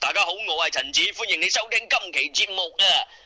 大家好，我係陳子，歡迎你收聽今期節目啊！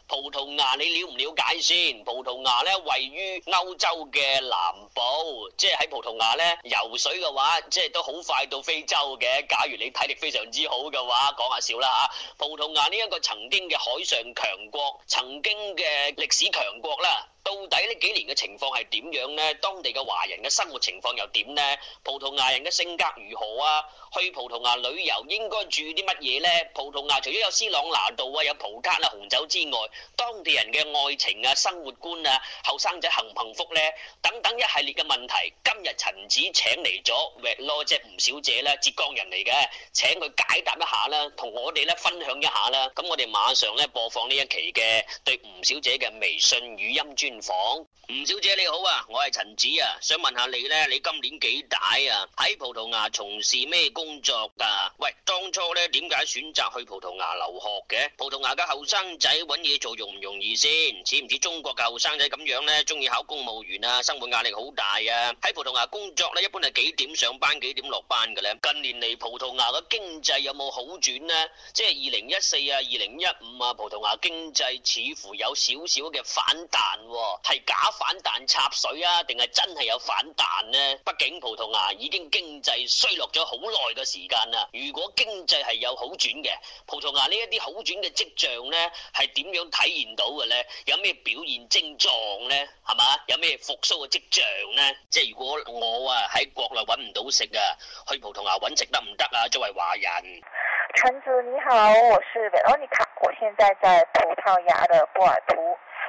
葡萄牙你了唔了解先？葡萄牙咧位於歐洲嘅南部，即係喺葡萄牙咧游水嘅話，即係都好快到非洲嘅。假如你體力非常之好嘅話，講下笑啦吓！葡萄牙呢一個曾經嘅海上強國，曾經嘅歷史強國啦。到底呢幾年嘅情況係點樣呢？當地嘅華人嘅生活情況又點呢？葡萄牙人嘅性格如何啊？去葡萄牙旅遊應該注意啲乜嘢呢？葡萄牙除咗有 C 朗拿度啊，有葡撻啊、紅酒之外，當地人嘅愛情啊、生活觀啊、後生仔幸唔幸福呢？等等一系列嘅問題，今日陳子請嚟咗 rock 即係吳小姐啦，浙江人嚟嘅，請佢解答一下啦，同我哋咧分享一下啦。咁我哋馬上咧播放呢一期嘅對吳小姐嘅微信語音專。房吳小姐你好啊，我係陳子啊，想問下你呢，你今年幾大啊？喺葡萄牙從事咩工作噶？喂，當初呢點解選擇去葡萄牙留學嘅？葡萄牙嘅後生仔揾嘢做容唔容易先？似唔似中國嘅後生仔咁樣呢？中意考公務員啊，生活壓力好大啊？喺葡萄牙工作呢，一般係幾點上班？幾點落班嘅呢？近年嚟，葡萄牙嘅經濟有冇好轉呢？即係二零一四啊，二零一五啊，葡萄牙經濟似乎有少少嘅反彈喎。係、哦、假反彈插水啊，定係真係有反彈呢？畢竟葡萄牙已經經濟衰落咗好耐嘅時間啦。如果經濟係有好轉嘅，葡萄牙呢一啲好轉嘅跡象呢，係點樣體現到嘅呢？有咩表現症狀呢？係嘛？有咩復蘇嘅跡象呢？即係如果我啊喺國內揾唔到食啊，去葡萄牙揾食得唔得啊？作為華人，陳子你好，我是維奧尼卡，我現在在葡萄牙的波爾圖。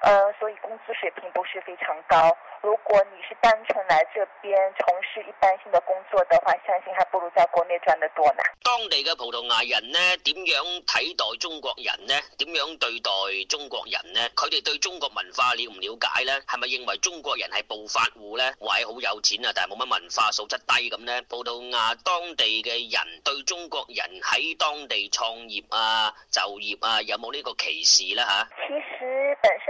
呃、嗯、所以工資水平不是非常高。如果你是單純來這邊從事一般性的工作的話，相信還不如在國內賺得多呢。當地嘅葡萄牙人呢，點樣睇待中國人呢？點樣對待中國人呢？佢哋對中國文化了唔了解呢？係咪認為中國人係暴發戶呢？或者好有錢啊，但係冇乜文化素質低咁呢？葡萄牙當地嘅人對中國人喺當地創業啊、就業啊，有冇呢個歧視呢？吓？其實本身。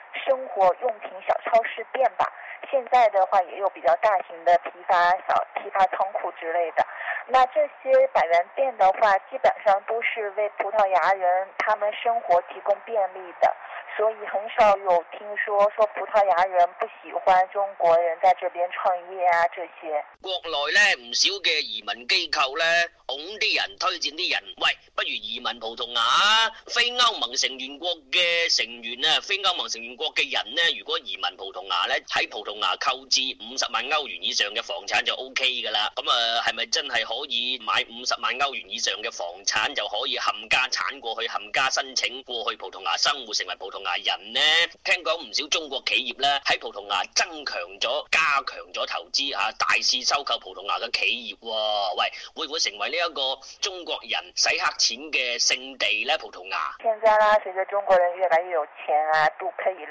生活用品小超市店吧，現在的話也有比較大型的批發小批發倉庫之類的。那這些百元店的話，基本上都是為葡萄牙人他們生活提供便利的，所以很少有聽說說葡萄牙人不喜歡中國人在這邊創業啊這些。國內咧，唔少嘅移民機構咧，哄啲人推薦啲人，喂，不如移民葡萄牙啊，非歐盟成員國嘅成員啊，非歐盟成員國。中國嘅人呢，如果移民葡萄牙呢，喺葡萄牙購置五十萬歐元以上嘅房產就 O K 㗎喇。咁、嗯、啊，係咪真係可以買五十萬歐元以上嘅房產就可以冚家產過去、冚家申請過去，葡萄牙生活，成為葡萄牙人呢？聽講唔少中國企業咧喺葡萄牙增強咗、加強咗投資嚇、啊，大肆收購葡萄牙嘅企業喂，會唔會成為呢一個中國人洗黑錢嘅聖地呢？葡萄牙？現在啦，隨著中國人越來越有錢啊，都可以了。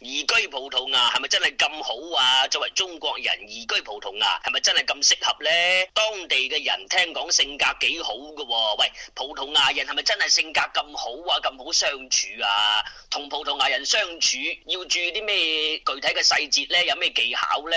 移居葡萄牙係咪真係咁好啊？作為中國人移居葡萄牙係咪真係咁適合呢？當地嘅人聽講性格幾好噶喎，喂，葡萄牙人係咪真係性格咁好啊？咁好相處啊？同葡萄牙人相處要注意啲咩具體嘅細節呢？有咩技巧呢？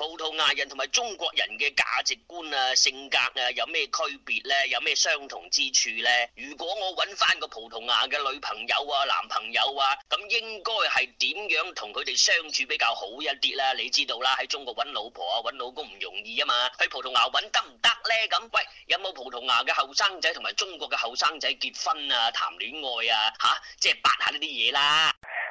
葡萄牙人同埋中國人嘅價值觀啊、性格啊，有咩區別呢？有咩相同之處呢？如果我揾翻個葡萄牙嘅女朋友啊、男朋友啊，咁應該係點樣同佢哋相處比較好一啲呢？你知道啦，喺中國揾老婆啊、揾老公唔容易啊嘛，去葡萄牙揾得唔得呢？咁喂，有冇葡萄牙嘅後生仔同埋中國嘅後生仔結婚啊、談戀愛啊？吓，即係八下呢啲嘢啦。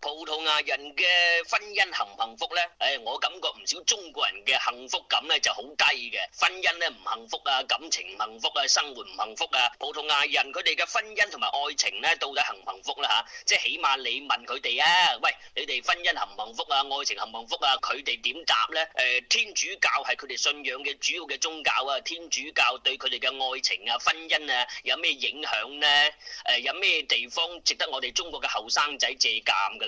葡萄牙人嘅婚姻幸唔幸福咧？誒，我感覺唔少中國人嘅幸福感咧就好低嘅，婚姻咧唔幸福啊，感情唔幸福啊，生活唔幸福啊。葡萄牙人佢哋嘅婚姻同埋愛情咧到底幸唔幸福啦吓？即係起碼你問佢哋啊，喂，你哋婚姻幸唔幸福啊？愛情幸唔幸福啊？佢哋點答咧？誒，天主教係佢哋信仰嘅主要嘅宗教啊，天主教對佢哋嘅愛情啊、婚姻啊有咩影響咧？誒，有咩地方值得我哋中國嘅後生仔借鑒嘅？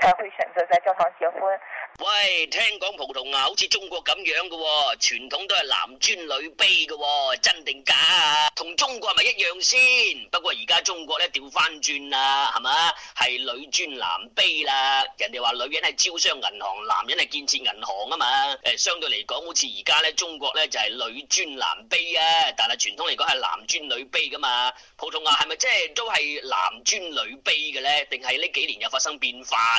才會選擇在教堂結婚。喂，聽講葡萄牙好似中國咁樣㗎喎，傳統都係男尊女卑㗎喎，真定假啊？同中國係咪一樣先？不過而家中國咧調翻轉啦，係咪？係女尊男卑啦。人哋話女人係招商銀行，男人係建設銀行啊嘛。誒、呃，相對嚟講，好似而家咧中國咧就係、係、女尊男卑啊，但係傳統嚟講係男尊女卑噶嘛。葡萄牙係咪即係都係男尊女卑嘅咧？定係呢幾年又發生變化？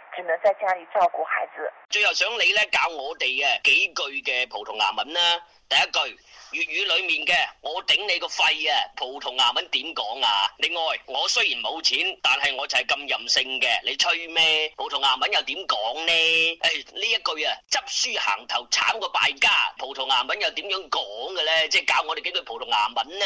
只能在家裏照顧孩子。最後想你咧教我哋嘅幾句嘅葡萄牙文啦。第一句粵語裏面嘅我頂你個肺啊，葡萄牙文點講啊？另外我雖然冇錢，但係我就係咁任性嘅，你吹咩？葡萄牙文又點講呢？誒、哎、呢一句啊，執輸行頭慘過敗家，葡萄牙文又點樣講嘅呢？即係教我哋幾句葡萄牙文呢？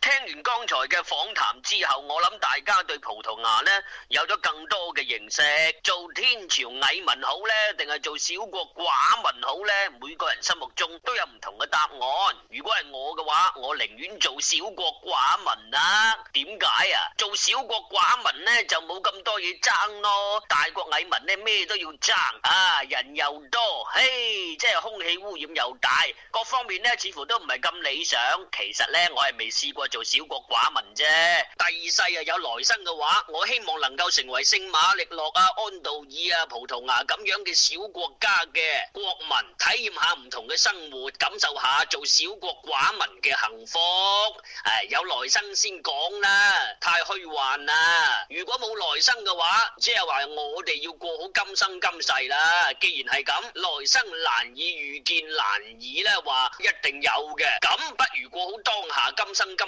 聽完剛才嘅訪談之後，我諗大家對葡萄牙呢有咗更多嘅認識。做天朝蟻民好咧，定係做小國寡民好咧？每個人心目中都有唔同嘅答案。如果係我嘅話，我寧願做小國寡民啊！點解啊？做小國寡民咧就冇咁多嘢爭咯。大國蟻民咧，咩都要爭啊，人又多，嘿，即係空氣污染，又大，各方面咧似乎都唔係咁理想。其實咧，我係未試過。做小國寡民啫。第二世啊，有來生嘅話，我希望能夠成為聖馬力諾啊、安道爾啊、葡萄牙咁樣嘅小國家嘅國民，體驗下唔同嘅生活，感受下做小國寡民嘅幸福。誒、啊，有來生先講啦，太虛幻啦。如果冇來生嘅話，即係話我哋要過好今生今世啦。既然係咁，來生難以遇見，難以咧話一定有嘅。咁不如過好當下，今生今。